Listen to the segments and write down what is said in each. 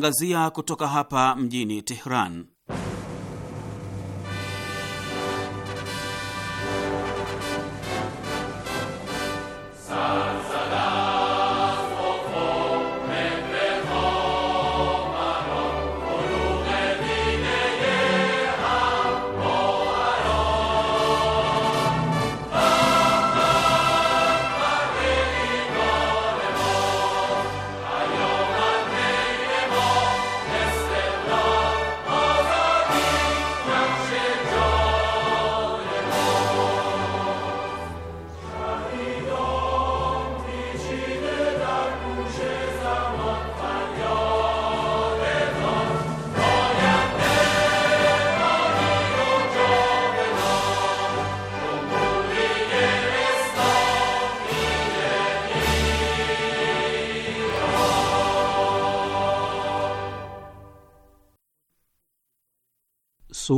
tangazia kutoka hapa mjini Tehran.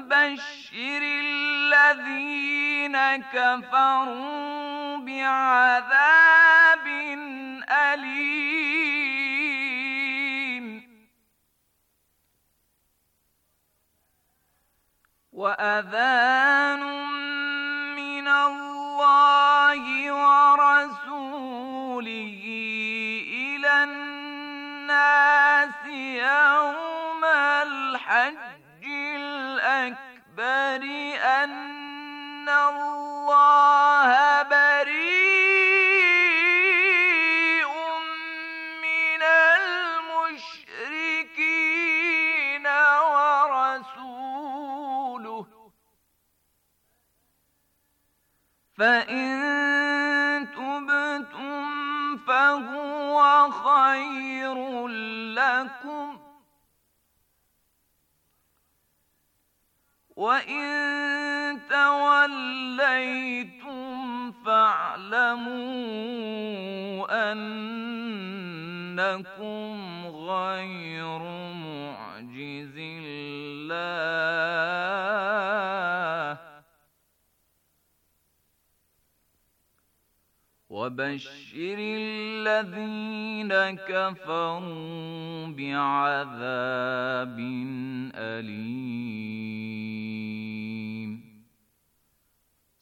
وبشر الذين كفروا بعذاب أليم وأذان من الله الخبر الله بريء من المشركين ورسوله فإن تبتم فهو خير لكم وإن توليتم فاعلموا أنكم غير الله وبشر الذين كفروا بعذاب أليم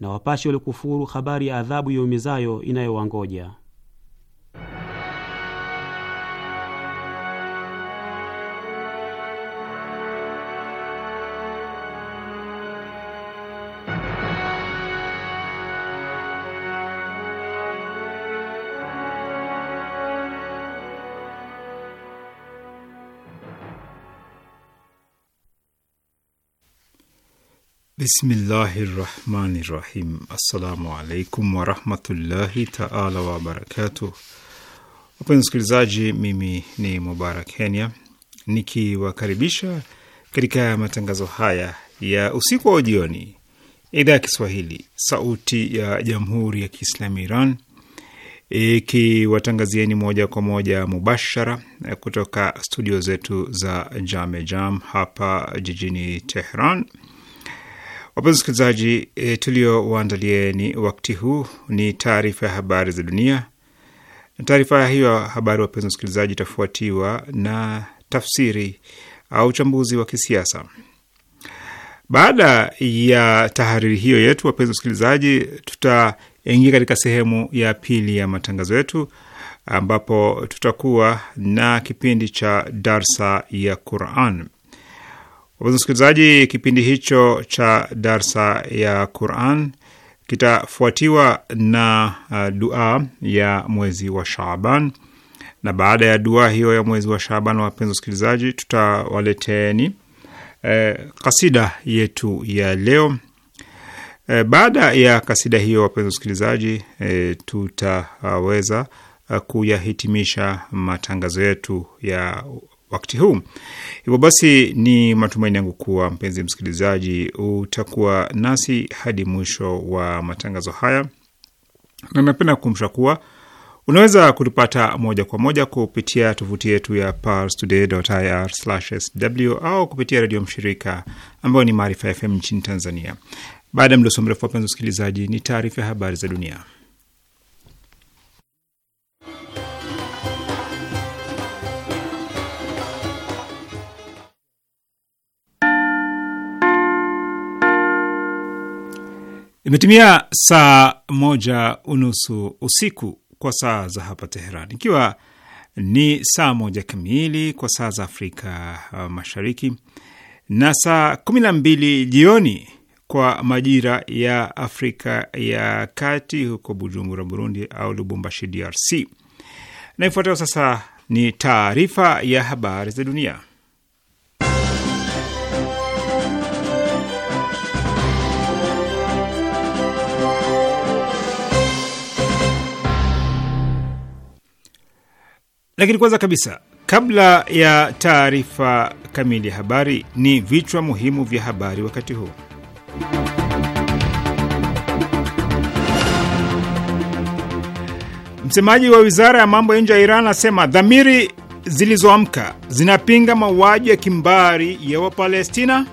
na wapashe walikufuru habari ya adhabu yaumizayo inayowangoja. Bismillahi rahmani rahim. Assalamu alaikum warahmatullahi taala wabarakatuh. Wapenzi msikilizaji, mimi ni Mubarak Kenya nikiwakaribisha katika matangazo haya ya usiku wa ujioni, idhaa ya Kiswahili sauti ya jamhuri ya Kiislamu Iran ikiwatangazieni moja kwa moja mubashara kutoka studio zetu za Jamejam Jam hapa jijini Tehran Wapenzi wasikilizaji, e, tuliowaandalieni wakati huu ni taarifa ya habari za dunia, na taarifa hiyo ya habari, wapenzi wasikilizaji, itafuatiwa na tafsiri au uchambuzi wa kisiasa. Baada ya tahariri hiyo yetu, wapenzi wasikilizaji, tutaingia katika sehemu ya pili ya matangazo yetu ambapo tutakuwa na kipindi cha darsa ya Quran. Wapenzi msikilizaji, kipindi hicho cha darsa ya Quran kitafuatiwa na uh, dua ya mwezi wa Shaaban, na baada ya dua hiyo ya mwezi wa Shaaban, wapenzi wasikilizaji, tutawaleteni eh, kasida yetu ya leo. Eh, baada ya kasida hiyo, wapenzi wasikilizaji, eh, tutaweza uh, kuyahitimisha matangazo yetu ya wakati huu. Hivyo basi, ni matumaini yangu kuwa mpenzi msikilizaji utakuwa nasi hadi mwisho wa matangazo haya, na napenda kukumbusha kuwa unaweza kutupata moja kwa moja kupitia tovuti yetu ya parstoday.ir/sw au kupitia redio mshirika ambayo ni Maarifa FM nchini Tanzania. Baada ya mdoso mrefu, wapenzi wasikilizaji, ni taarifa ya habari za dunia. Imetimia saa moja unusu usiku kwa saa za hapa Teheran, ikiwa ni saa moja kamili kwa saa za Afrika uh, Mashariki na saa kumi na mbili jioni kwa majira ya Afrika ya Kati, huko Bujumbura, Burundi, au Lubumbashi, DRC. Na ifuatayo sasa ni taarifa ya habari za dunia. Lakini kwanza kabisa, kabla ya taarifa kamili ya habari, ni vichwa muhimu vya habari wakati huu. Msemaji wa wizara ya mambo ya nje ya Iran anasema dhamiri zilizoamka zinapinga mauaji ya kimbari ya Wapalestina.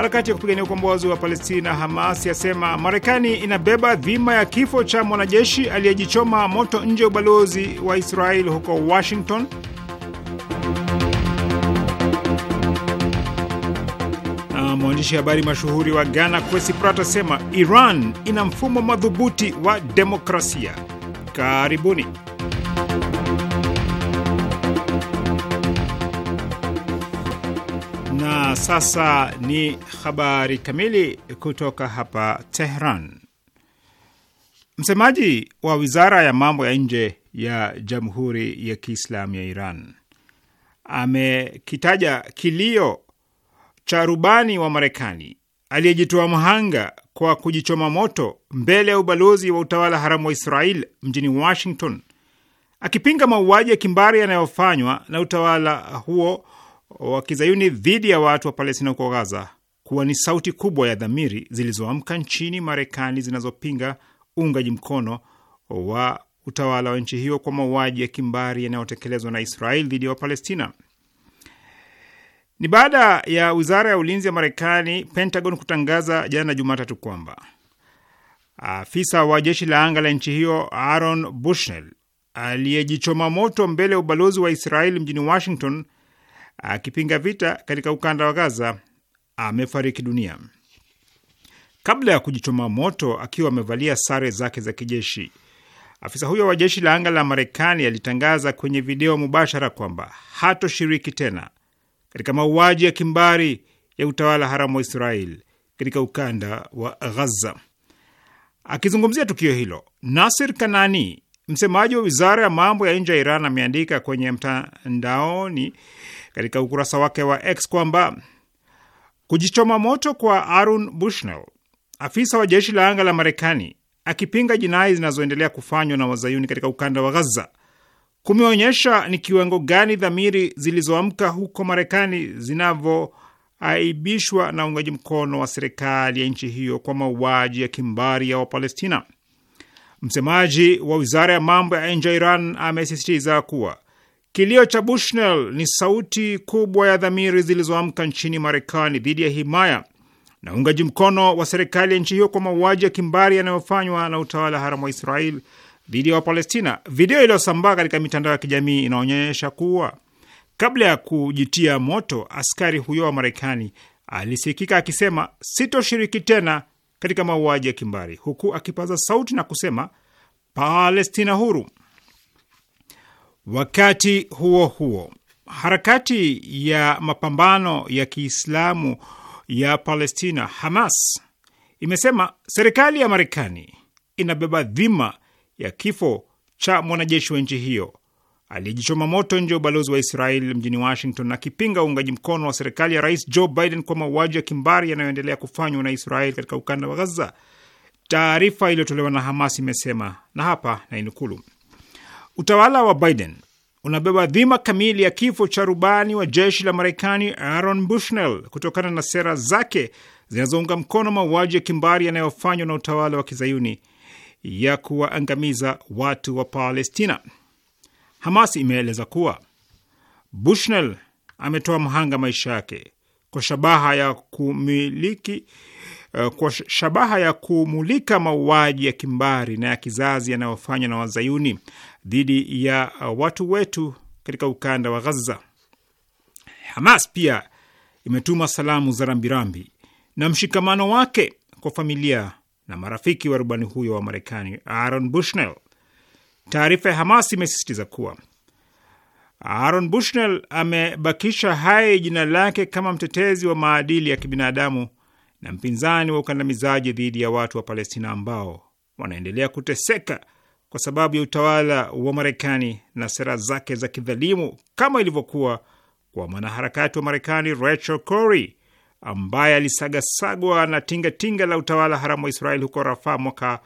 Harakati ya kupigania ukombozi wa Palestina Hamas yasema Marekani inabeba dhima ya kifo cha mwanajeshi aliyejichoma moto nje ya ubalozi wa Israel huko Washington. Na mwandishi habari mashuhuri wa Ghana Kwesi Prat, asema Iran ina mfumo madhubuti wa demokrasia. Karibuni. sasa ni habari kamili kutoka hapa Tehran. Msemaji wa wizara ya mambo ya nje ya Jamhuri ya Kiislamu ya Iran amekitaja kilio cha rubani wa Marekani aliyejitoa mhanga kwa kujichoma moto mbele ya ubalozi wa utawala haramu wa Israel mjini Washington, akipinga mauaji ya kimbari yanayofanywa na utawala huo wa kizayuni dhidi ya watu wa Palestina huko Gaza kuwa ni sauti kubwa ya dhamiri zilizoamka nchini Marekani zinazopinga uungaji mkono wa utawala wa nchi hiyo kwa mauaji ya kimbari yanayotekelezwa na Israel dhidi ya Wapalestina. Ni baada ya wizara ya ulinzi ya Marekani, Pentagon, kutangaza jana Jumatatu kwamba afisa wa jeshi la anga la nchi hiyo Aaron Bushnell aliyejichoma moto mbele ya ubalozi wa Israel mjini Washington akipinga vita katika ukanda wa Gaza amefariki dunia kabla ya kujichoma moto akiwa amevalia sare zake za kijeshi. Afisa huyo wa jeshi la anga la Marekani alitangaza kwenye video mubashara kwamba hatoshiriki tena katika mauaji ya kimbari ya utawala haramu wa Israel katika ukanda wa Ghaza. Akizungumzia tukio hilo, Nasir Kanani, msemaji wa wizara ya mambo ya nje ya Iran, ameandika kwenye mtandaoni katika ukurasa wake wa X kwamba kujichoma moto kwa arun Bushnell, afisa wa jeshi la anga la Marekani akipinga jinai zinazoendelea kufanywa na wazayuni katika ukanda wa Gaza kumeonyesha ni kiwango gani dhamiri zilizoamka huko Marekani zinavyoaibishwa na uungaji mkono wa serikali ya nchi hiyo kwa mauaji ya kimbari ya Wapalestina. Msemaji wa wizara ya mambo ya nje ya Iran amesisitiza kuwa Kilio cha Bushnell ni sauti kubwa ya dhamiri zilizoamka nchini Marekani dhidi ya himaya na uungaji mkono wa serikali ya nchi hiyo kwa mauaji ya kimbari yanayofanywa na utawala haramu wa Israel dhidi ya Wapalestina. Video iliyosambaa katika mitandao ya kijamii inaonyesha kuwa kabla ya kujitia moto, askari huyo wa Marekani alisikika akisema sitoshiriki tena katika mauaji ya kimbari, huku akipaza sauti na kusema Palestina huru. Wakati huo huo, harakati ya mapambano ya Kiislamu ya Palestina Hamas imesema serikali ya Marekani inabeba dhima ya kifo cha mwanajeshi wa nchi hiyo aliyejichoma moto nje ya ubalozi wa Israel mjini Washington, akipinga uungaji mkono wa serikali ya Rais Joe Biden kwa mauaji ya kimbari yanayoendelea kufanywa na Israel katika ukanda wa Gaza. Taarifa iliyotolewa na Hamas imesema, na hapa nainukulu Utawala wa Biden unabeba dhima kamili ya kifo cha rubani wa jeshi la Marekani Aaron Bushnell kutokana na sera zake zinazounga mkono mauaji ya kimbari yanayofanywa na utawala wa kizayuni ya kuwaangamiza watu wa Palestina. Hamas imeeleza kuwa Bushnell ametoa mhanga maisha yake kwa shabaha ya kumiliki Eh, kwa shabaha ya kumulika mauaji ya kimbari na ya kizazi yanayofanywa na wazayuni dhidi ya eh, watu wetu katika ukanda wa Gaza. Hamas pia imetuma salamu za rambirambi na mshikamano wake kwa familia na marafiki wa rubani huyo wa Marekani Aaron Bushnell. Taarifa ya Hamas imesisitiza kuwa Aaron Bushnell amebakisha hai jina lake kama mtetezi wa maadili ya kibinadamu na mpinzani wa ukandamizaji dhidi ya watu wa Palestina ambao wanaendelea kuteseka kwa sababu ya utawala wa Marekani na sera zake za kidhalimu, kama ilivyokuwa kwa mwanaharakati wa Marekani Rachel Corrie ambaye alisagasagwa na tingatinga la utawala haramu wa Israeli huko Rafah mwaka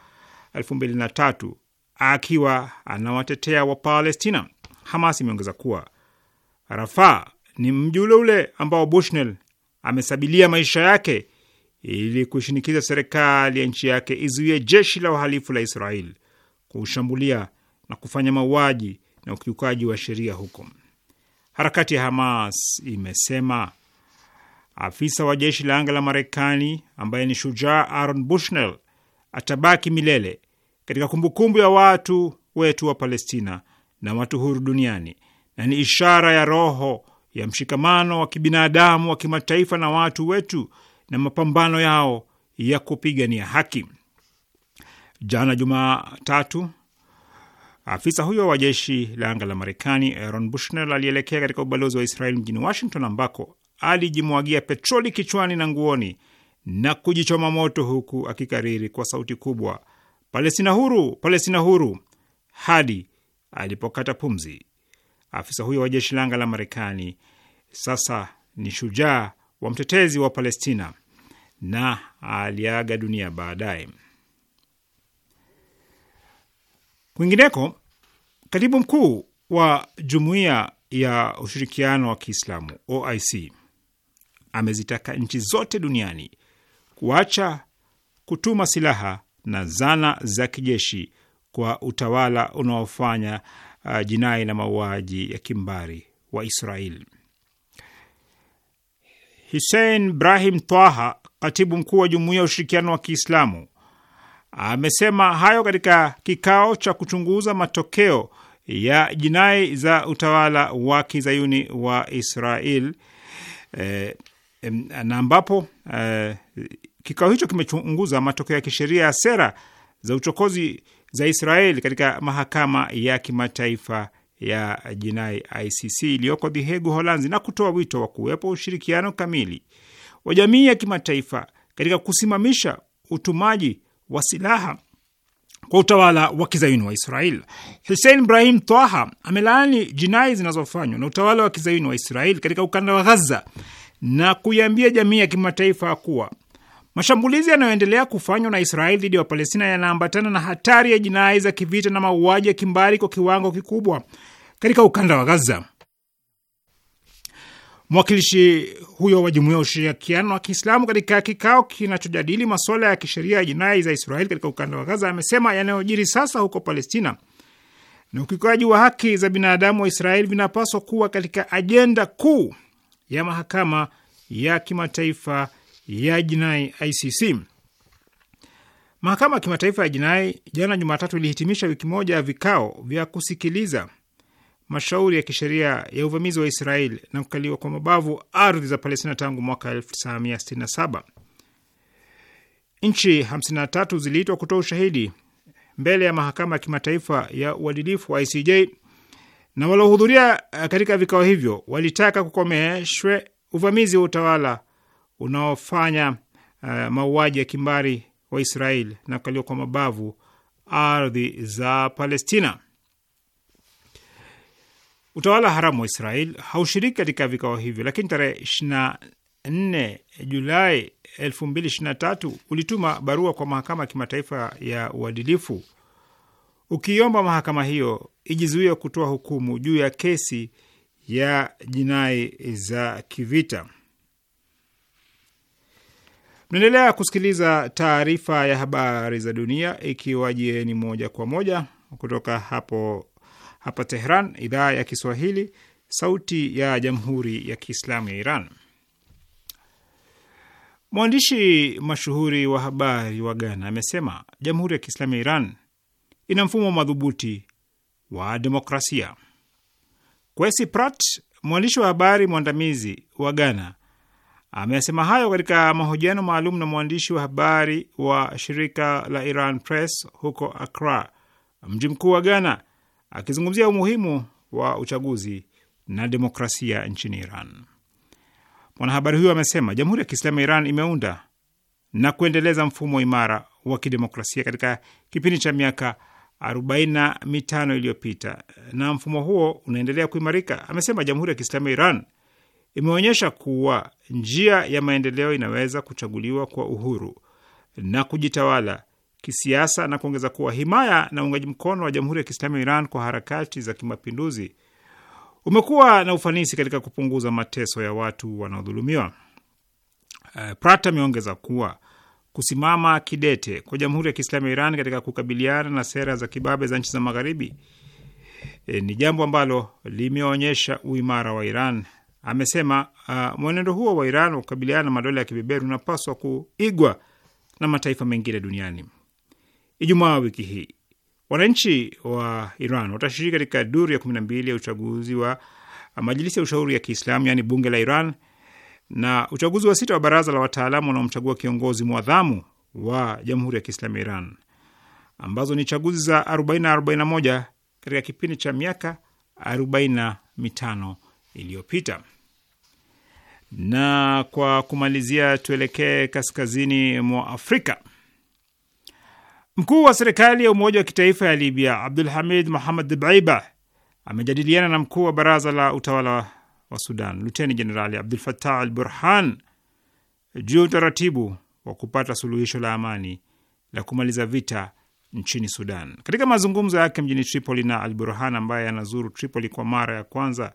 2003 akiwa anawatetea wa palestina Hamas imeongeza kuwa Rafah ni mji ule ule ambao Bushnell amesabilia maisha yake ili kushinikiza serikali ya nchi yake izuie jeshi la uhalifu la Israel kushambulia na kufanya mauaji na ukiukaji wa sheria huko. Harakati ya Hamas imesema afisa wa jeshi la anga la Marekani ambaye ni shujaa Aaron Bushnell atabaki milele katika kumbukumbu ya watu wetu wa Palestina na watu huru duniani na ni ishara ya roho ya mshikamano wa kibinadamu wa kimataifa na watu wetu na mapambano yao ya kupigania haki. Jana Jumatatu, afisa huyo wa jeshi la anga la Marekani Aaron Bushner alielekea katika ubalozi wa Israel mjini Washington, ambako alijimwagia petroli kichwani na nguoni na kujichoma moto, huku akikariri kwa sauti kubwa, Palestina huru, Palestina huru, hadi alipokata pumzi. Afisa huyo wa jeshi la anga la Marekani sasa ni shujaa wa mtetezi wa Palestina na aliaga dunia baadaye. Kwingineko, katibu mkuu wa Jumuiya ya Ushirikiano wa Kiislamu OIC amezitaka nchi zote duniani kuacha kutuma silaha na zana za kijeshi kwa utawala unaofanya uh, jinai na mauaji ya kimbari wa Israeli. Hussein Brahim Twaha, katibu mkuu wa Jumuiya ya Ushirikiano wa Kiislamu, amesema hayo katika kikao cha kuchunguza matokeo ya jinai za utawala wa kizayuni wa Israel eh, na ambapo eh, kikao hicho kimechunguza matokeo ya kisheria ya sera za uchokozi za Israel katika mahakama ya kimataifa ya jinai ICC iliyoko The Hague, Holanzi, na kutoa wito wa kuwepo ushirikiano kamili wa jamii ya kimataifa katika kusimamisha utumaji wa silaha kwa utawala wa kizayuni wa Israel. Hussein Ibrahim Twaha amelaani jinai zinazofanywa na utawala wa kizayuni wa Israel katika ukanda wa Ghaza na kuiambia jamii ya kimataifa kuwa mashambulizi yanayoendelea kufanywa na Israel dhidi ya Wapalestina yanaambatana na hatari ya jinai za kivita na mauaji ya kimbari kwa kiwango kikubwa katika ukanda wa Gaza. Mwakilishi huyo wa jumuiya ya ushirikiano wa Kiislamu katika kikao kinachojadili masuala ya kisheria ya jinai za Israeli katika ukanda wa Gaza amesema yanayojiri sasa huko Palestina na ukiukaji wa haki za binadamu wa Israeli vinapaswa kuwa katika ajenda kuu ya mahakama ya kimataifa ya jinai ICC. Mahakama ya kimataifa ya jinai jana Jumatatu ilihitimisha wiki moja ya vikao vya kusikiliza mashauri ya kisheria ya uvamizi wa Israel na kukaliwa kwa mabavu ardhi za Palestina tangu mwaka 1967. Nchi 53 ziliitwa kutoa ushahidi mbele ya mahakama ya kimataifa ya uadilifu wa ICJ, na waliohudhuria eh, katika vikao hivyo walitaka kukomeshwe uvamizi wa utawala unaofanya uh, mauaji ya kimbari wa Israel na kukaliwa kwa mabavu ardhi za Palestina. Utawala haramu wa Israel haushiriki katika vikao hivyo, lakini tarehe 24 Julai 2023 ulituma barua kwa mahakama ya kimataifa ya uadilifu ukiomba mahakama hiyo ijizuia kutoa hukumu juu ya kesi ya jinai za kivita. Mnaendelea kusikiliza taarifa ya habari za dunia ikiwa jieni moja kwa moja kutoka hapo hapa Tehran, idhaa ya Kiswahili, sauti ya jamhuri ya kiislamu ya Iran. Mwandishi mashuhuri wa habari wa Ghana amesema jamhuri ya kiislamu ya Iran ina mfumo madhubuti wa demokrasia. Kwesi Prat, mwandishi wa habari mwandamizi wa Ghana, amesema hayo katika mahojiano maalum na mwandishi wa habari wa shirika la Iran Press huko Accra, mji mkuu wa Ghana, akizungumzia umuhimu wa uchaguzi na demokrasia nchini Iran. Mwanahabari huyo amesema Jamhuri ya Kiislamu ya Iran imeunda na kuendeleza mfumo imara wa kidemokrasia katika kipindi cha miaka 45 iliyopita na mfumo huo unaendelea kuimarika. Amesema Jamhuri ya Kiislamu ya Iran imeonyesha kuwa njia ya maendeleo inaweza kuchaguliwa kwa uhuru na kujitawala kisiasa na kuongeza kuwa himaya na uungaji mkono wa Jamhuri ya Kiislamu ya Iran kwa harakati za kimapinduzi umekuwa na ufanisi katika kupunguza mateso ya watu wanaodhulumiwa. Eh, Prat ameongeza kuwa kusimama kidete kwa Jamhuri ya Kiislamu ya Iran katika kukabiliana na sera za kibabe za nchi za Magharibi e, ni jambo ambalo limeonyesha uimara wa Iran. Amesema uh, mwenendo huo wa Iran wa kukabiliana na madola ya kibeberu unapaswa kuigwa na mataifa mengine duniani. Ijumaa wiki hii. Wananchi wa Iran watashiriki katika duru ya 12 ya uchaguzi wa majilisi ya ushauri ya Kiislamu, yaani bunge la Iran, na uchaguzi wa sita wa baraza la wataalamu wanaomchagua kiongozi mwadhamu wa jamhuri ya Kiislamu ya Iran, ambazo ni chaguzi za 40 katika kipindi cha miaka 45 iliyopita. Na kwa kumalizia, tuelekee kaskazini mwa Afrika Mkuu wa serikali ya umoja wa kitaifa ya Libya Abdul Hamid Muhammad Dbeiba amejadiliana na mkuu wa baraza la utawala wa Sudan Luteni Jenerali Abdul fatah Al Burhan juu ya utaratibu wa kupata suluhisho la amani la kumaliza vita nchini Sudan. Katika mazungumzo yake mjini Tripoli na Al Burhan ambaye anazuru Tripoli kwa mara ya kwanza,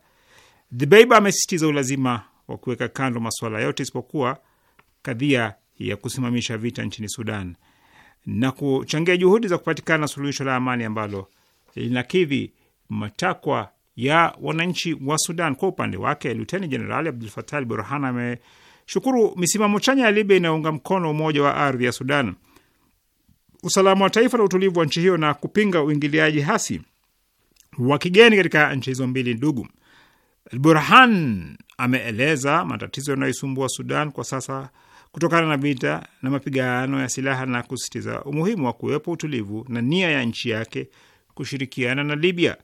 Dbeiba amesisitiza ulazima wa kuweka kando masuala yote isipokuwa kadhia ya kusimamisha vita nchini Sudan na kuchangia juhudi za kupatikana suluhisho la amani ambalo linakidhi matakwa ya wananchi wa Sudan. Kwa upande wake, Luteni Jenerali Abdul Fatah Al Burhan ameshukuru misimamo chanya ya Libya inayounga mkono umoja wa ardhi ya Sudan, usalama wa taifa na utulivu wa nchi hiyo na kupinga uingiliaji hasi wa kigeni katika nchi hizo mbili ndugu. Al Burhan ameeleza matatizo yanayoisumbua Sudan kwa sasa kutokana na vita na mapigano ya silaha na kusisitiza umuhimu wa kuwepo utulivu na nia ya nchi yake kushirikiana na Libya.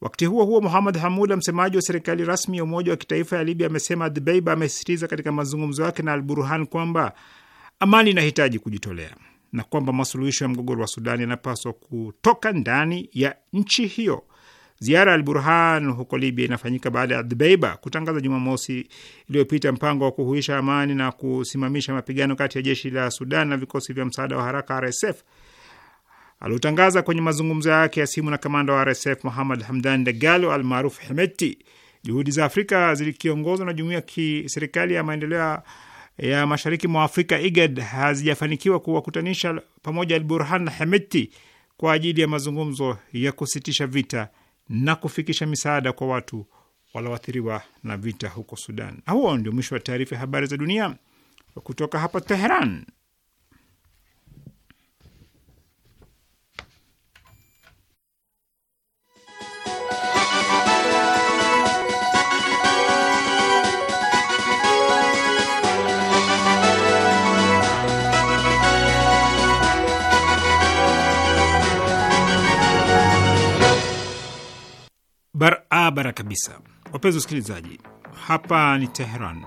Wakati huo huo, Muhamad hamuda msemaji wa serikali rasmi ya Umoja wa Kitaifa ya Libya, amesema Dbeibah amesisitiza katika mazungumzo yake na Al Burhan kwamba amani inahitaji kujitolea na kwamba masuluhisho ya mgogoro wa Sudani yanapaswa kutoka ndani ya nchi hiyo. Ziara ya burhan huko Libya inafanyika baada ya dbeiba kutangaza Jumamosi iliyopita mpango wa kuhuisha amani na kusimamisha mapigano kati ya jeshi la Sudan na vikosi vya msaada wa haraka RSF aliotangaza kwenye mazungumzo yake ya simu na kamanda wa RSF Muhamad Hamdan Dagalo almaaruf Hemeti. Juhudi za Afrika zilikiongozwa na jumuiya ya kiserikali ya maendeleo ya mashariki mwa Afrika IGAD hazijafanikiwa kuwakutanisha pamoja Burhan na Hemeti kwa ajili ya mazungumzo ya kusitisha vita na kufikisha misaada kwa watu walioathiriwa na vita huko Sudan. Huo ndio mwisho wa taarifa ya habari za dunia kutoka hapa Teheran. barabara kabisa. Wapenzi wasikilizaji, hapa ni Teheran,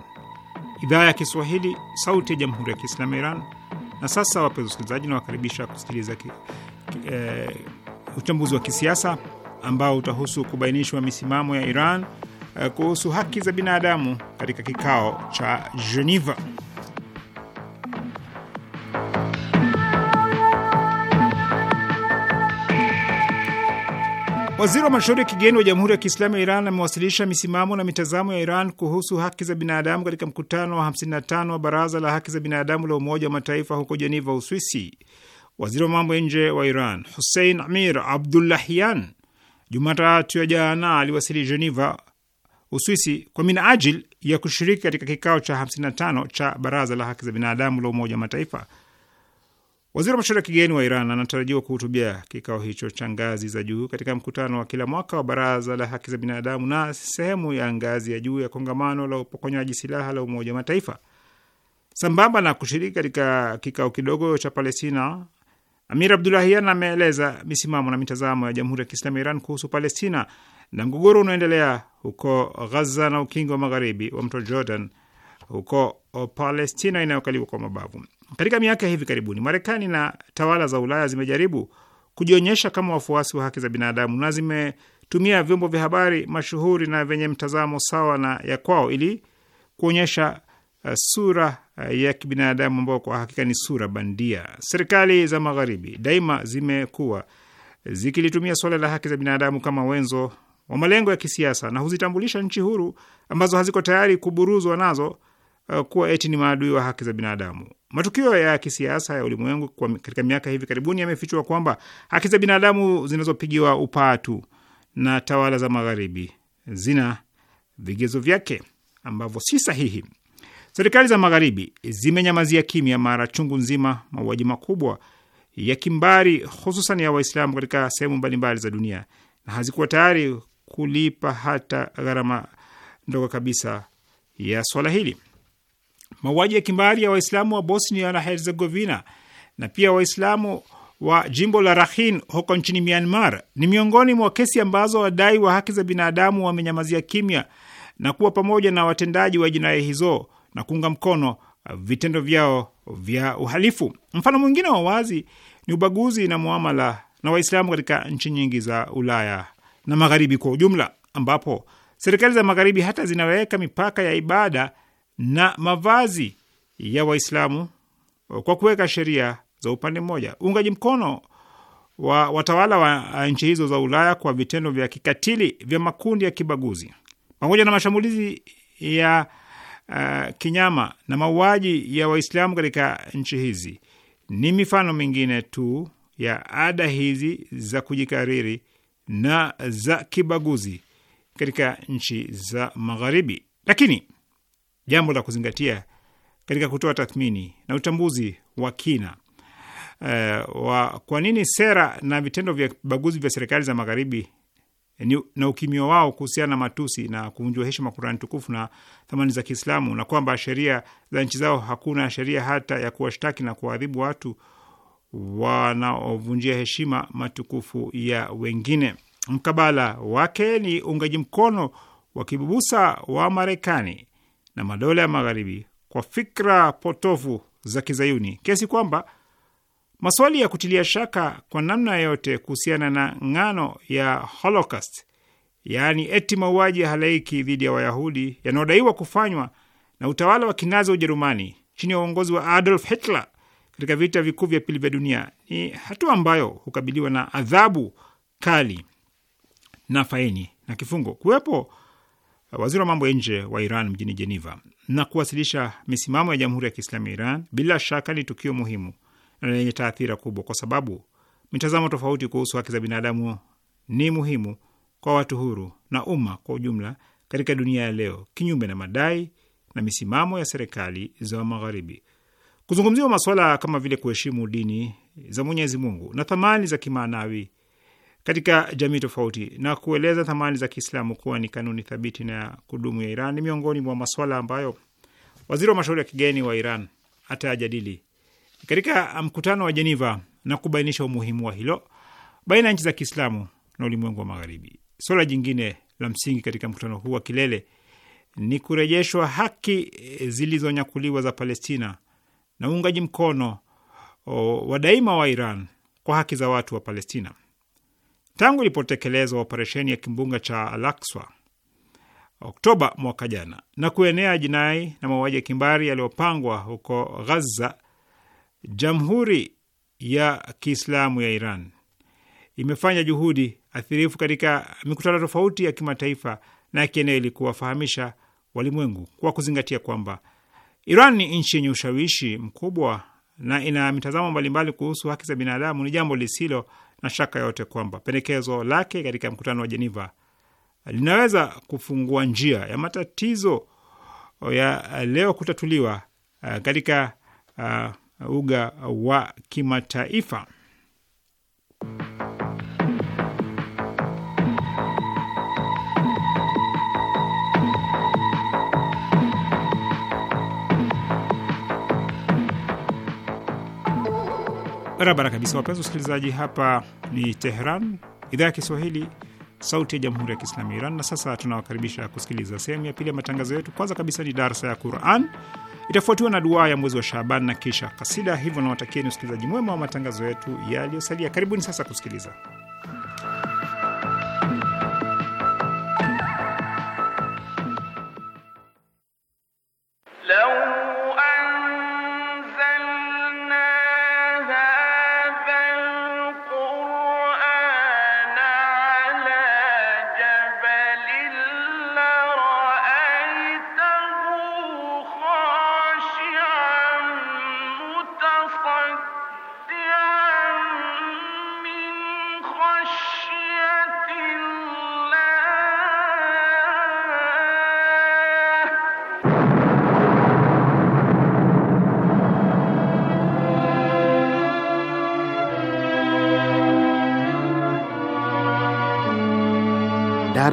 idhaa ya Kiswahili, sauti ya jamhuri ya kiislamu ya Iran. Na sasa, wapenzi wasikilizaji, nawakaribisha kusikiliza ki, ki, eh, uchambuzi wa kisiasa ambao utahusu kubainishwa misimamo ya Iran eh, kuhusu haki za binadamu katika kikao cha Geneva. Waziri wa mashauri ya kigeni wa Jamhuri ya Kiislamu ya Iran amewasilisha misimamo na mitazamo ya Iran kuhusu haki za binadamu katika mkutano wa 55 wa Baraza la Haki za Binadamu la Umoja wa Mataifa huko Jeneva, Uswisi. Waziri wa mambo ya nje wa Iran Hussein Amir Abdullahian Jumatatu ya jana aliwasili Jeneva, Uswisi kwa minajili ya kushiriki katika kikao cha 55 cha Baraza la Haki za Binadamu la Umoja wa Mataifa. Waziri wa mashauri ya kigeni wa Iran anatarajiwa kuhutubia kikao hicho cha ngazi za juu katika mkutano wa kila mwaka wa Baraza la Haki za Binadamu na sehemu ya ngazi ya juu ya kongamano la upokonyaji silaha la Umoja wa Mataifa. Sambamba na kushiriki katika kikao kidogo cha Palestina, Amir Abdulahian ameeleza misimamo na mitazamo ya Jamhuri ya Kiislamu ya Iran kuhusu Palestina na mgogoro unaoendelea huko Ghaza na ukingo wa magharibi wa mto Jordan huko Palestina inayokaliwa kwa mabavu. Katika miaka ya hivi karibuni, Marekani na tawala za Ulaya zimejaribu kujionyesha kama wafuasi wa haki za binadamu na zimetumia vyombo vya habari mashuhuri na vyenye mtazamo sawa na ya kwao ili kuonyesha uh, sura uh, ya kibinadamu ambayo kwa hakika ni sura bandia. Serikali za magharibi daima zimekuwa zikilitumia suala la haki za binadamu kama wenzo wa malengo ya kisiasa na huzitambulisha nchi huru ambazo haziko tayari kuburuzwa nazo Uh, kuwa eti ni maadui wa haki za binadamu. Matukio ya kisiasa ya ulimwengu katika miaka hivi karibuni yamefichua kwamba haki za binadamu zinazopigiwa upatu na tawala za magharibi zina vigezo vyake ambavyo si sahihi. Serikali za magharibi zimenyamazia kimya mara chungu nzima mauaji makubwa ya kimbari, hususan ya Waislamu katika sehemu mbalimbali za dunia na hazikuwa tayari kulipa hata gharama ndogo kabisa ya swala hili mauaji ya kimbari ya Waislamu wa Bosnia na Herzegovina na pia Waislamu wa jimbo la Rakhine huko nchini Myanmar ni miongoni mwa kesi ambazo wadai wa haki za binadamu wamenyamazia kimya na kuwa pamoja na watendaji wa jinai hizo na kuunga mkono vitendo vyao vya uhalifu. Mfano mwingine wa wazi ni ubaguzi na muamala na Waislamu katika nchi nyingi za Ulaya na Magharibi kwa ujumla, ambapo serikali za Magharibi hata zinaweka mipaka ya ibada na mavazi ya Waislamu kwa kuweka sheria za upande mmoja. Uungaji mkono wa watawala wa nchi hizo za Ulaya kwa vitendo vya kikatili vya makundi ya kibaguzi pamoja na mashambulizi ya uh, kinyama na mauaji ya Waislamu katika nchi hizi ni mifano mingine tu ya ada hizi za kujikariri na za kibaguzi katika nchi za Magharibi. Lakini jambo la kuzingatia katika kutoa tathmini na utambuzi wa kina uh, wa kwa nini sera na vitendo vya baguzi vya serikali za magharibi na ukimya wao kuhusiana na matusi na kuvunjia heshima Kurani tukufu na thamani za Kiislamu, na kwamba sheria za nchi zao hakuna sheria hata ya kuwashtaki na kuwaadhibu watu wanaovunjia heshima matukufu ya wengine. Mkabala wake ni uungaji mkono wa kibubusa wa Marekani na madola ya magharibi kwa fikra potofu za kizayuni kiasi kwamba maswali ya kutilia shaka kwa namna yote kuhusiana na ngano ya Holocaust, yaani eti mauaji ya halaiki dhidi ya Wayahudi yanayodaiwa kufanywa na utawala wa kinazi wa Ujerumani chini ya uongozi wa Adolf Hitler katika vita vikuu vya pili vya dunia ni hatua ambayo hukabiliwa na adhabu kali na faini na kifungo. Kuwepo waziri wa mambo ya nje wa Iran mjini Jeneva na kuwasilisha misimamo ya Jamhuri ya Kiislamu ya Iran bila shaka ni tukio muhimu na lenye taathira kubwa, kwa sababu mitazamo tofauti kuhusu haki za binadamu ni muhimu kwa watu huru na umma kwa ujumla katika dunia ya leo, kinyume na madai na misimamo ya serikali za Magharibi. Kuzungumziwa masuala kama vile kuheshimu dini za Mwenyezi Mungu na thamani za kimaanawi katika jamii tofauti na kueleza thamani za Kiislamu kuwa ni kanuni thabiti na kudumu ya Iran ni miongoni mwa masuala ambayo waziri wa mashauri ya kigeni wa Iran atayajadili katika mkutano wa Jeneva na kubainisha umuhimu wa hilo baina ya nchi za Kiislamu na ulimwengu wa Magharibi. Suala jingine la msingi katika mkutano huu wa kilele ni kurejeshwa haki zilizonyakuliwa za Palestina na uungaji mkono wa daima wa Iran kwa haki za watu wa Palestina tangu ilipotekelezwa operesheni ya kimbunga cha Al-Aqsa Oktoba mwaka jana na kuenea jinai na mauaji ya kimbari yaliyopangwa huko ghaza Jamhuri ya Kiislamu ya Iran imefanya juhudi athirifu katika mikutano tofauti ya kimataifa na kieneo ili kuwafahamisha walimwengu kwa kuzingatia kwamba Iran ni nchi yenye ushawishi mkubwa na ina mitazamo mbalimbali kuhusu haki za binadamu. Ni jambo lisilo na shaka yote kwamba pendekezo lake katika mkutano wa Jeneva linaweza kufungua njia ya matatizo uh, ya leo kutatuliwa uh, katika uh, uga wa kimataifa. Barabara kabisa, wapenzi wasikilizaji, hapa ni Tehran, idhaa ya Kiswahili, sauti ya jamhuri ya kiislamu ya Iran. Na sasa tunawakaribisha kusikiliza sehemu ya pili ya matangazo yetu. Kwanza kabisa ni darsa ya Quran, itafuatiwa na duaa ya mwezi wa Shaaban na kisha kasida. Hivyo nawatakieni usikilizaji mwema wa matangazo yetu yaliyosalia. Karibuni sasa kusikiliza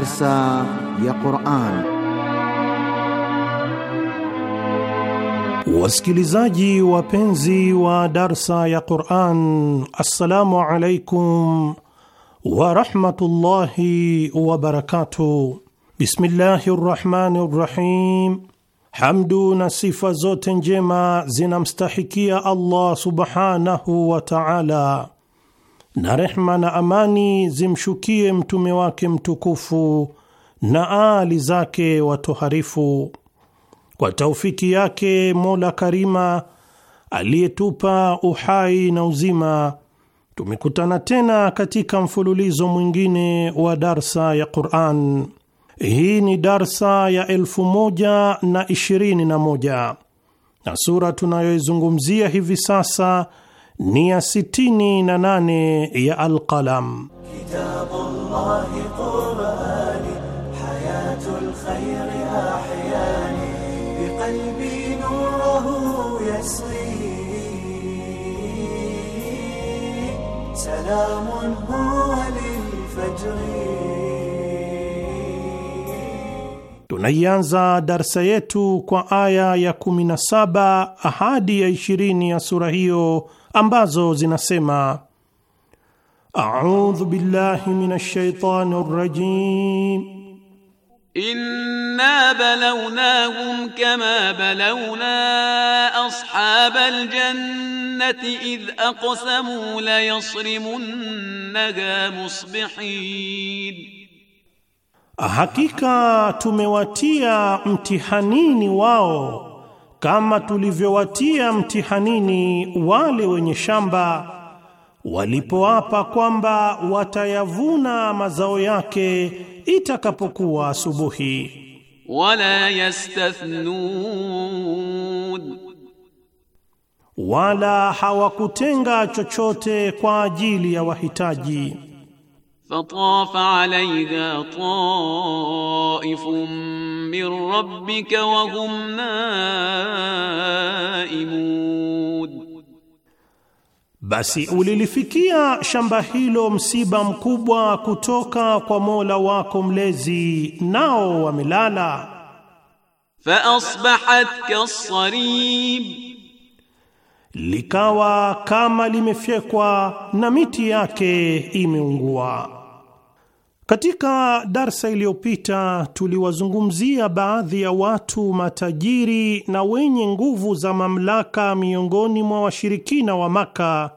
Darsa ya Quran. Wasikilizaji wapenzi wa darsa ya Quran, assalamu alaikum wa rahmatullahi wa Bismillahi rahmani rahim. Hamdu na sifa zote njema zinamstahikia Allah subhanahu wa ta'ala na rehma na amani zimshukie mtume wake mtukufu na aali zake watoharifu. Kwa taufiki yake Mola Karima aliyetupa uhai na uzima, tumekutana tena katika mfululizo mwingine wa darsa ya Quran. Hii ni darsa ya elfu moja na ishirini na moja na sura tunayoizungumzia hivi sasa ni ya sitini na nane ya Alqalam. سلام هو للفجر Tunaianza darsa yetu kwa aya ya 17 hadi ya 20 ya sura hiyo ambazo zinasema: audhu billahi minash shaitani rrajim inna balawnahum kama balawna ashabal jannati idh aqsamu la yasrimunnaha musbihin Hakika tumewatia mtihanini wao kama tulivyowatia mtihanini wale wenye shamba walipoapa kwamba watayavuna mazao yake itakapokuwa asubuhi. Wala yastathnun, wala hawakutenga chochote kwa ajili ya wahitaji. Fatafa alayha taifun min rabbika wa hum naimud, basi ulilifikia shamba hilo msiba mkubwa kutoka kwa Mola wako mlezi, nao wamelala. Fa asbahat kasarib, likawa kama limefyekwa na miti yake imeungua. Katika darsa iliyopita tuliwazungumzia baadhi ya watu matajiri na wenye nguvu za mamlaka miongoni mwa washirikina wa Maka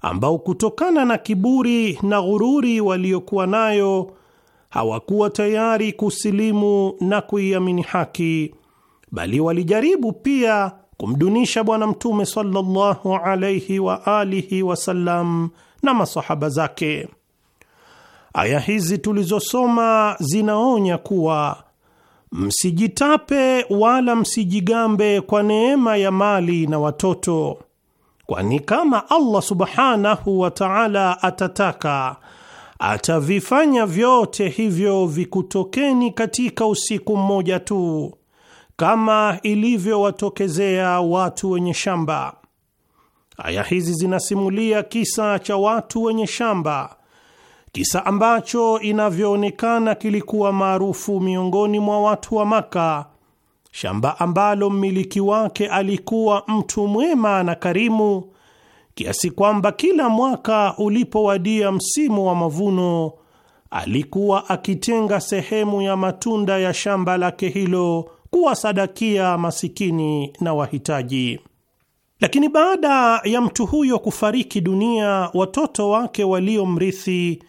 ambao kutokana na kiburi na ghururi waliokuwa nayo hawakuwa tayari kusilimu na kuiamini haki, bali walijaribu pia kumdunisha Bwana Mtume sallallahu alaihi wa alihi wasallam na masahaba zake. Aya hizi tulizosoma zinaonya kuwa msijitape wala msijigambe kwa neema ya mali na watoto, kwani kama Allah subhanahu wa ta'ala atataka atavifanya vyote hivyo vikutokeni katika usiku mmoja tu, kama ilivyowatokezea watu wenye shamba. Aya hizi zinasimulia kisa cha watu wenye shamba kisa ambacho inavyoonekana kilikuwa maarufu miongoni mwa watu wa Maka, shamba ambalo mmiliki wake alikuwa mtu mwema na karimu, kiasi kwamba kila mwaka ulipowadia msimu wa mavuno alikuwa akitenga sehemu ya matunda ya shamba lake hilo kuwasadakia masikini na wahitaji. Lakini baada ya mtu huyo kufariki dunia, watoto wake waliomrithi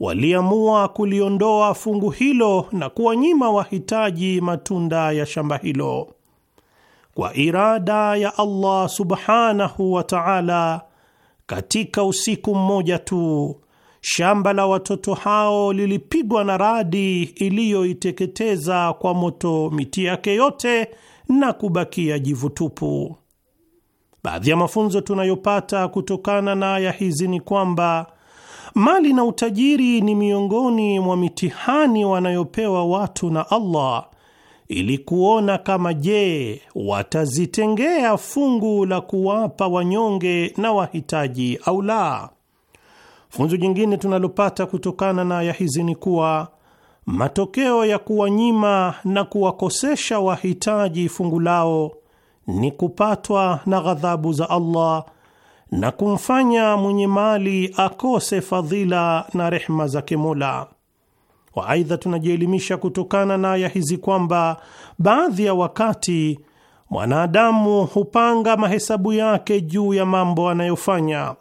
waliamua kuliondoa fungu hilo na kuwanyima wahitaji matunda ya shamba hilo. Kwa irada ya Allah subhanahu wa ta'ala, katika usiku mmoja tu shamba la watoto hao lilipigwa na radi iliyoiteketeza kwa moto miti yake yote na kubakia jivu tupu. Baadhi ya mafunzo tunayopata kutokana na aya hizi ni kwamba Mali na utajiri ni miongoni mwa mitihani wanayopewa watu na Allah ili kuona kama je, watazitengea fungu la kuwapa wanyonge na wahitaji au la. Funzo jingine tunalopata kutokana na aya hizi ni kuwa matokeo ya kuwanyima na kuwakosesha wahitaji fungu lao ni kupatwa na ghadhabu za Allah na kumfanya mwenye mali akose fadhila na rehma zake Mola. Wa aidha, tunajielimisha kutokana na aya hizi kwamba baadhi ya wakati mwanadamu hupanga mahesabu yake juu ya mambo anayofanya,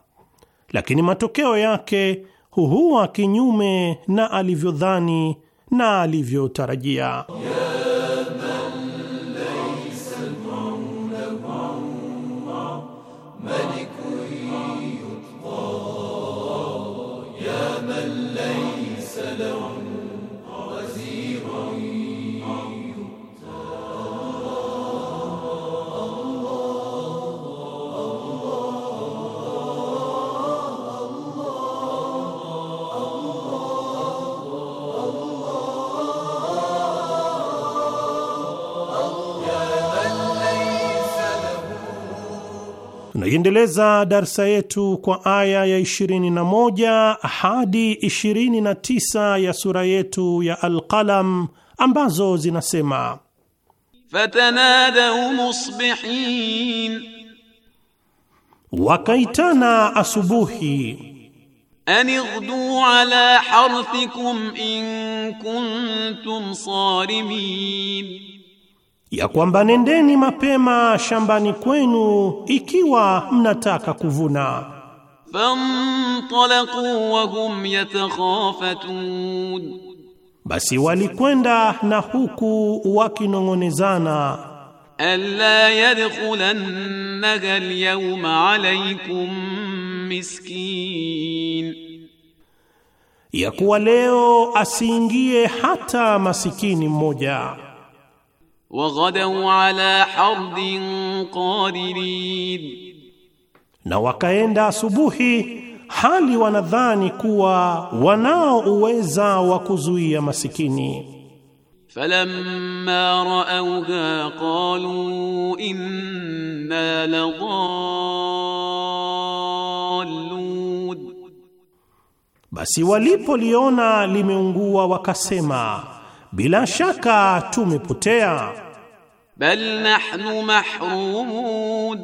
lakini matokeo yake huwa kinyume na alivyodhani na alivyotarajia yeah. alone. Tunaiendeleza darsa yetu kwa aya ya 21 hadi 29 ya sura yetu ya Alqalam ambazo zinasema: fatanadau musbihin, wakaitana asubuhi. Anighduu ala harthikum in kuntum sarimin ya kwamba nendeni mapema shambani kwenu ikiwa mnataka kuvuna. Famtalaqu wa hum yatakhafatun, basi walikwenda na huku wakinong'onezana. Alla yadkhulannaha alyawma alaykum miskin, ya kuwa leo asiingie hata masikini mmoja waghadaw ala hardin qadirin, na wakaenda asubuhi hali wanadhani kuwa wanao uweza wa kuzuia masikini. Falamma raawha qalu inna ladallun, basi walipoliona limeungua wakasema bila shaka tumepotea. Bal nahnu mahrumun,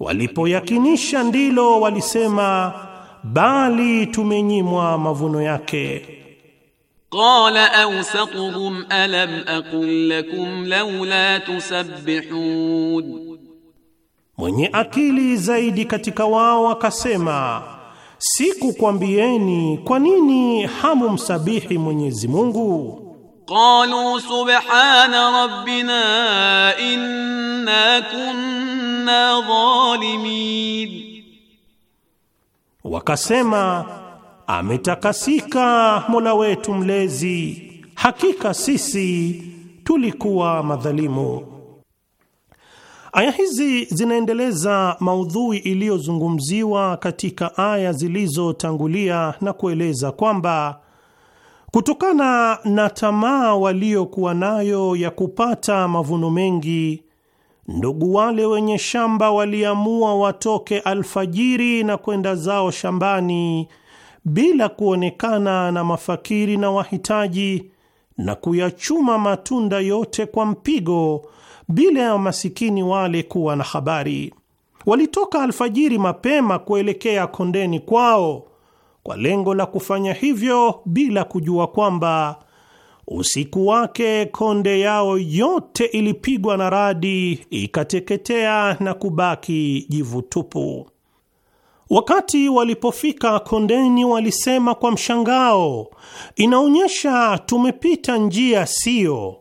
walipoyakinisha ndilo walisema bali tumenyimwa mavuno yake. Qala awsatuhum alam aqul lakum laula tusabbihun, mwenye akili zaidi katika wao akasema Sikukwambieni kwa nini hamumsabihi Mwenyezi Mungu? Qalu subhana rabbina inna kunna zalimin, wakasema ametakasika Mola wetu mlezi, hakika sisi tulikuwa madhalimu. Aya hizi zinaendeleza maudhui iliyozungumziwa katika aya zilizotangulia na kueleza kwamba kutokana na tamaa waliokuwa nayo ya kupata mavuno mengi, ndugu wale wenye shamba waliamua watoke alfajiri na kwenda zao shambani bila kuonekana na mafakiri na wahitaji, na kuyachuma matunda yote kwa mpigo bila ya masikini wale kuwa na habari. Walitoka alfajiri mapema kuelekea kondeni kwao kwa lengo la kufanya hivyo bila kujua kwamba usiku wake konde yao yote ilipigwa na radi ikateketea na kubaki jivu tupu. Wakati walipofika kondeni, walisema kwa mshangao, inaonyesha tumepita njia siyo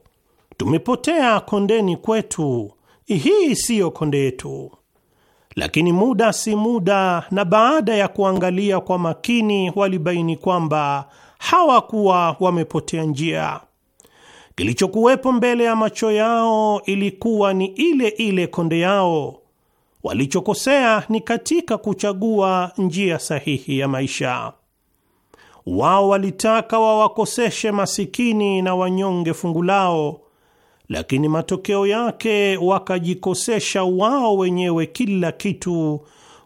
tumepotea kondeni kwetu, hii siyo konde yetu. Lakini muda si muda, na baada ya kuangalia kwa makini, walibaini kwamba hawakuwa wamepotea njia. Kilichokuwepo mbele ya macho yao ilikuwa ni ile ile konde yao. Walichokosea ni katika kuchagua njia sahihi ya maisha. Wao walitaka wawakoseshe masikini na wanyonge fungu lao lakini matokeo yake wakajikosesha wao wenyewe kila kitu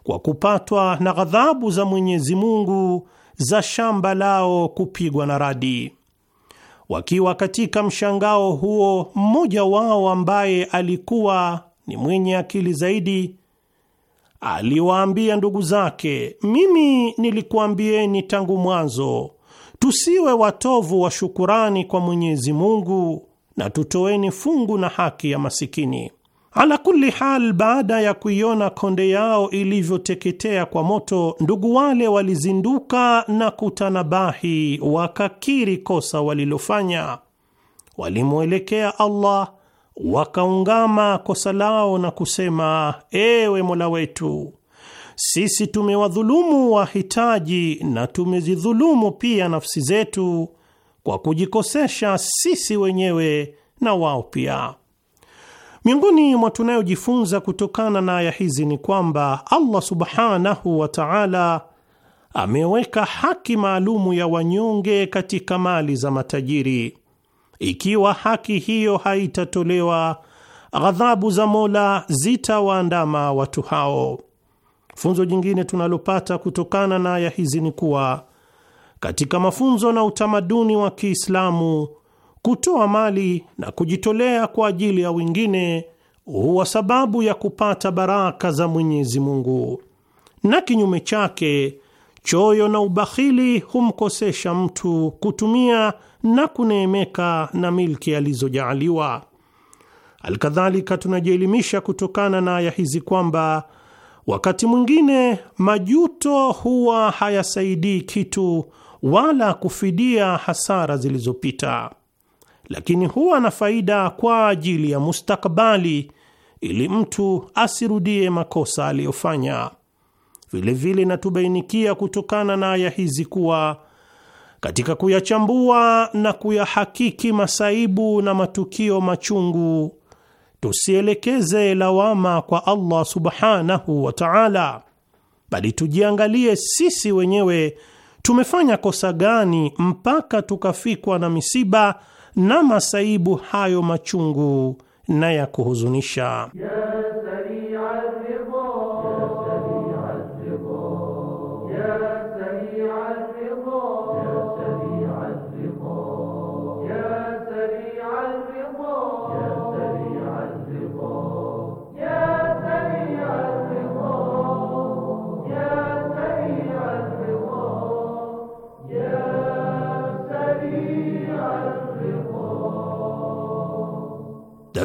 kwa kupatwa na ghadhabu za Mwenyezi Mungu za shamba lao kupigwa na radi. Wakiwa katika mshangao huo, mmoja wao ambaye alikuwa ni mwenye akili zaidi aliwaambia ndugu zake, mimi nilikuambieni tangu mwanzo tusiwe watovu wa shukurani kwa Mwenyezi Mungu na tutoeni fungu na haki ya masikini. Ala kulli hal, baada ya kuiona konde yao ilivyoteketea kwa moto, ndugu wale walizinduka na kutanabahi, wakakiri kosa walilofanya. Walimwelekea Allah wakaungama kosa lao na kusema, ewe Mola wetu, sisi tumewadhulumu wahitaji na tumezidhulumu pia nafsi zetu kwa kujikosesha sisi wenyewe na wao pia. Miongoni mwa tunayojifunza kutokana na aya hizi ni kwamba Allah subhanahu wa ta'ala ameweka haki maalumu ya wanyonge katika mali za matajiri. Ikiwa haki hiyo haitatolewa, ghadhabu za Mola zitawaandama watu hao. Funzo jingine tunalopata kutokana na aya hizi ni kuwa katika mafunzo na utamaduni wa Kiislamu, kutoa mali na kujitolea kwa ajili ya wengine huwa sababu ya kupata baraka za Mwenyezi Mungu, na kinyume chake, choyo na ubakhili humkosesha mtu kutumia na kuneemeka na milki alizojaaliwa. Alkadhalika, tunajielimisha kutokana na aya hizi kwamba wakati mwingine majuto huwa hayasaidii kitu wala kufidia hasara zilizopita, lakini huwa na faida kwa ajili ya mustakabali, ili mtu asirudie makosa aliyofanya. Vilevile inatubainikia kutokana na aya hizi kuwa katika kuyachambua na kuyahakiki masaibu na matukio machungu, tusielekeze lawama kwa Allah subhanahu wa ta'ala, bali tujiangalie sisi wenyewe tumefanya kosa gani mpaka tukafikwa na misiba na masaibu hayo machungu na ya kuhuzunisha, yeah.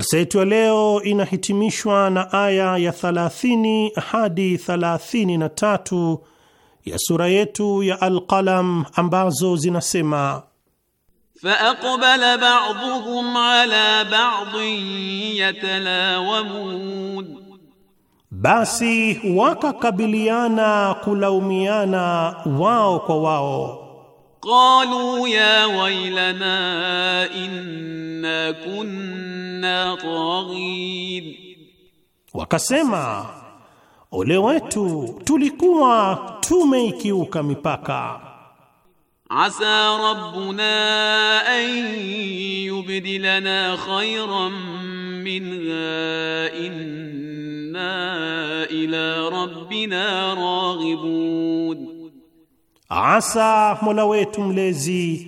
Darsa yetu ya leo inahitimishwa na aya ya 30 hadi 33 ya sura yetu ya Alqalam ambazo zinasema: faaqbala ba'dhum ala ba'dhin yatalawamun, basi wakakabiliana kulaumiana wao kwa wao قالوا يا ويلنا إنا كنا طاغين wakasema ole wetu tulikuwa tumeikiuka mipaka asa rabbuna an yubdilana khayran minha inna ila rabbina raghibun Asa Mola wetu mlezi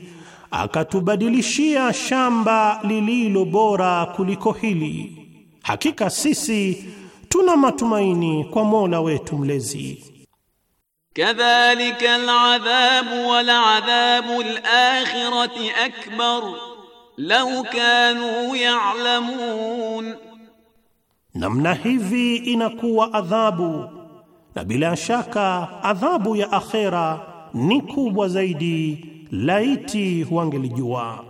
akatubadilishia shamba lililo bora kuliko hili. Hakika sisi tuna matumaini kwa Mola wetu mlezi. Kadhalika al-adhabu al-akhirati akbar law kanu ya'lamun, namna hivi inakuwa adhabu, na bila shaka adhabu ya akhera ni kubwa zaidi, laiti wangelijua.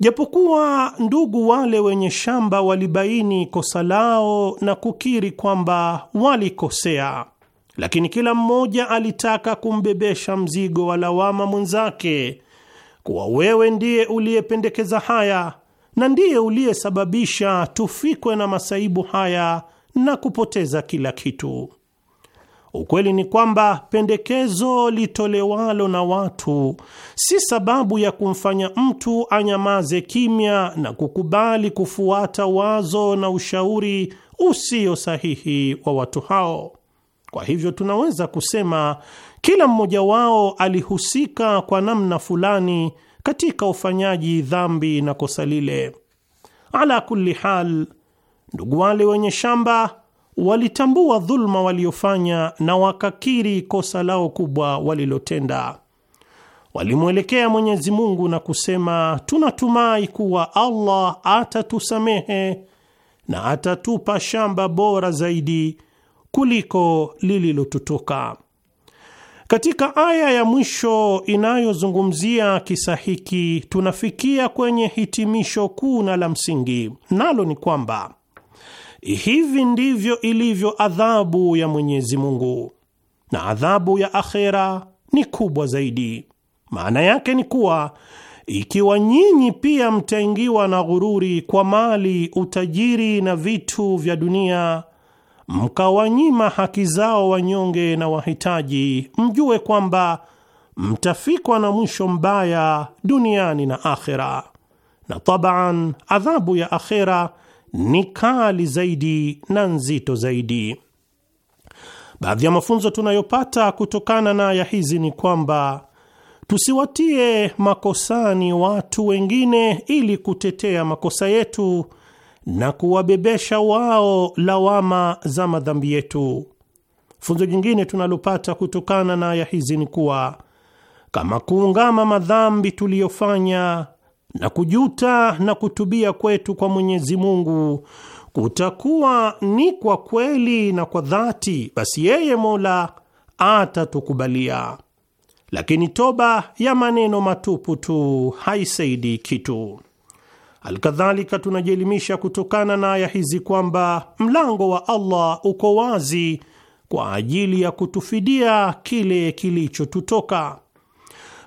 Japokuwa ndugu wale wenye shamba walibaini kosa lao na kukiri kwamba walikosea, lakini kila mmoja alitaka kumbebesha mzigo wa lawama mwenzake, kuwa wewe ndiye uliyependekeza haya na ndiye uliyesababisha tufikwe na masaibu haya na kupoteza kila kitu. Ukweli ni kwamba pendekezo litolewalo na watu si sababu ya kumfanya mtu anyamaze kimya na kukubali kufuata wazo na ushauri usio sahihi wa watu hao. Kwa hivyo tunaweza kusema kila mmoja wao alihusika kwa namna fulani katika ufanyaji dhambi na kosa lile. Ala kulli hal, ndugu wale wenye shamba walitambua dhulma waliofanya na wakakiri kosa lao kubwa walilotenda. Walimwelekea Mwenyezi Mungu na kusema, tunatumai kuwa Allah atatusamehe na atatupa shamba bora zaidi kuliko lililotutoka. Katika aya ya mwisho inayozungumzia kisa hiki, tunafikia kwenye hitimisho kuu na la msingi, nalo ni kwamba Hivi ndivyo ilivyo adhabu ya Mwenyezi Mungu, na adhabu ya akhera ni kubwa zaidi. Maana yake ni kuwa ikiwa nyinyi pia mtaingiwa na ghururi kwa mali, utajiri na vitu vya dunia, mkawanyima haki zao wanyonge na wahitaji, mjue kwamba mtafikwa na mwisho mbaya duniani na akhera. Na tabaan, adhabu ya akhera ni kali zaidi na nzito zaidi. Baadhi ya mafunzo tunayopata kutokana na aya hizi ni kwamba tusiwatie makosani watu wengine ili kutetea makosa yetu na kuwabebesha wao lawama za madhambi yetu. Funzo jingine tunalopata kutokana na aya hizi ni kuwa kama kuungama madhambi tuliyofanya na kujuta na kutubia kwetu kwa Mwenyezi Mungu kutakuwa ni kwa kweli na kwa dhati, basi yeye Mola atatukubalia. Lakini toba ya maneno matupu tu haisaidi kitu. Alkadhalika, tunajielimisha kutokana na aya hizi kwamba mlango wa Allah uko wazi kwa ajili ya kutufidia kile kilichotutoka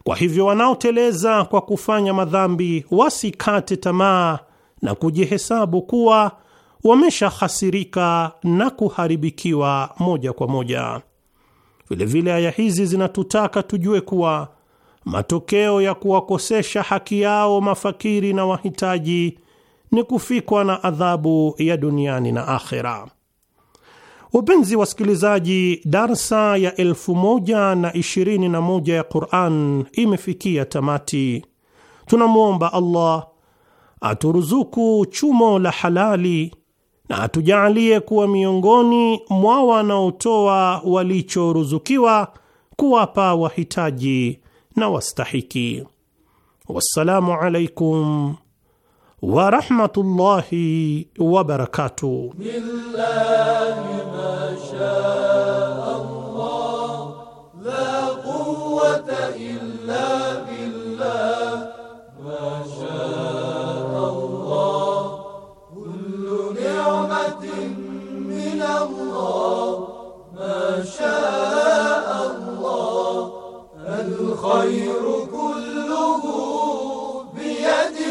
kwa hivyo wanaoteleza kwa kufanya madhambi wasikate tamaa na kujihesabu kuwa wameshahasirika na kuharibikiwa moja kwa moja. Vilevile aya hizi zinatutaka tujue kuwa matokeo ya kuwakosesha haki yao mafakiri na wahitaji ni kufikwa na adhabu ya duniani na akhera. Wapenzi wasikilizaji, darsa ya elfu moja na ishirini na moja ya Quran imefikia tamati. Tunamwomba Allah aturuzuku chumo la halali na atujaalie kuwa miongoni mwa wanaotoa walichoruzukiwa kuwapa wahitaji na wastahiki. Wassalamu alaikum ورحمة الله وبركاته بالله ما شاء الله لا قوة إلا بالله ما شاء الله كل نعمة من الله ما شاء الله الخير كله بيد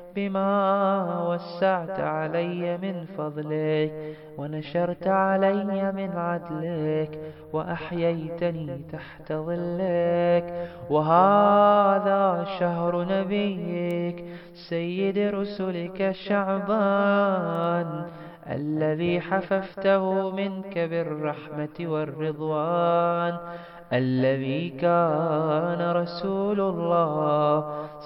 بما وسعت علي من فضلك ونشرت علي من عدلك وأحييتني تحت ظلك وهذا شهر نبيك سيد رسلك شعبان الذي حففته منك بالرحمة والرضوان الذي كان رسول الله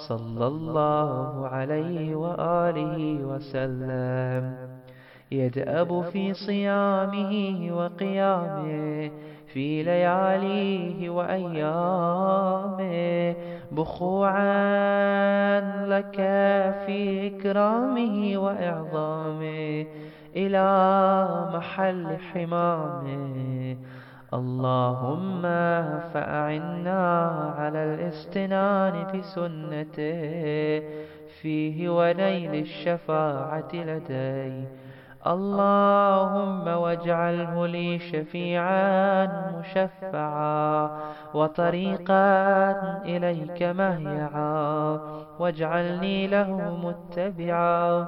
صلى الله عليه وآله وسلم يدأب في صيامه وقيامه في لياليه وأيامه بخوعا لك في إكرامه وإعظامه إلى محل حمامه اللهم فأعنا على الاستنان بسنته فيه ونيل الشفاعة لديه اللهم واجعله لي شفيعا مشفعا وطريقا إليك مهيعا واجعلني له متبعا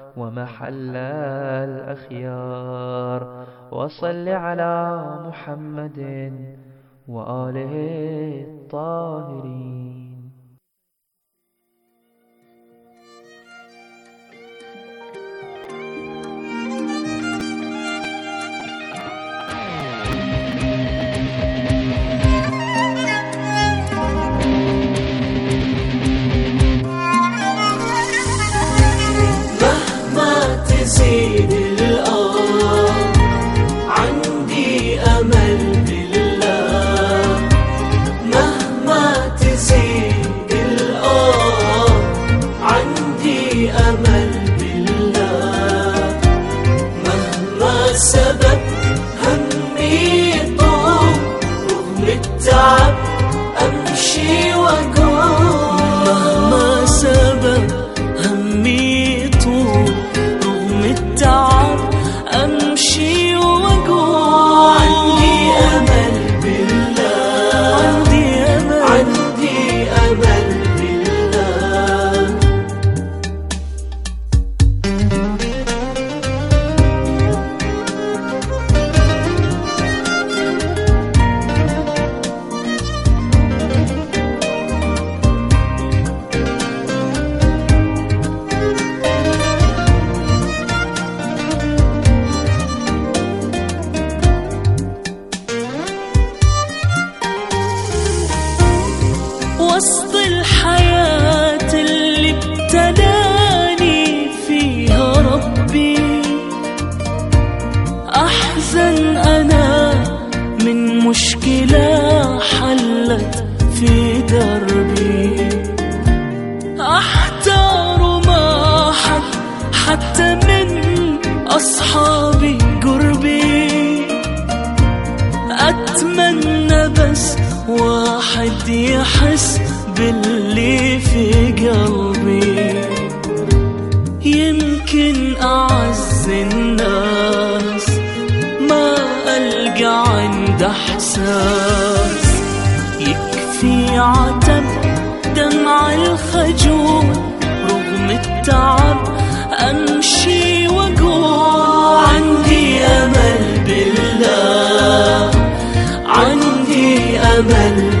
ومحل الأخيار وصل على محمد وآله الطاهرين see دربي أحتار ما حد حتى من أصحابي قربي أتمنى بس واحد يحس باللي في قلبي يمكن أعز الناس ما ألقى عند أحساس يعتب دمع الخجول رغم التعب أمشي وجوع عندي أمل بالله عندي أمل بالله